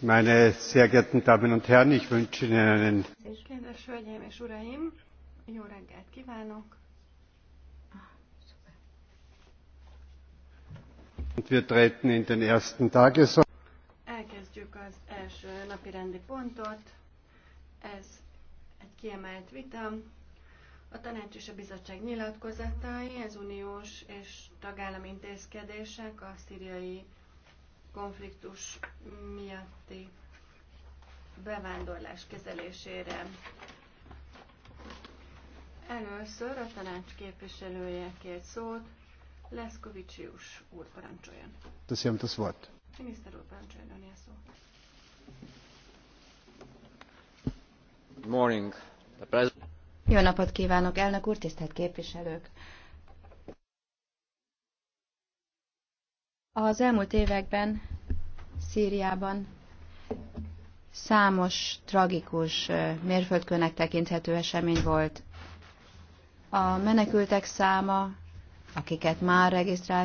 Meine sehr geehrten Damen und Herren, ich wünsche Ihnen einen... És kedves hölgyeim és uraim, jó reggelt kívánok! Ah, und wir treten in den ersten Elkezdjük az első napi rendi pontot. Ez egy kiemelt vita. A tanács és a bizottság nyilatkozatai, ez uniós és tagállami intézkedések a szíriai konfliktus miatt bevándorlás kezelésére. Először a tanács képviselője kért szót, Leszkovicsius úr parancsoljon. Köszönöm, tesz volt. Miniszter úr parancsoljon, a szó. Good morning. The Jó napot kívánok, elnök úr, tisztelt képviselők! Az elmúlt években Szíriában Számos tragikus mérföldkőnek tekinthető esemény volt. A menekültek száma, akiket már regisztrált,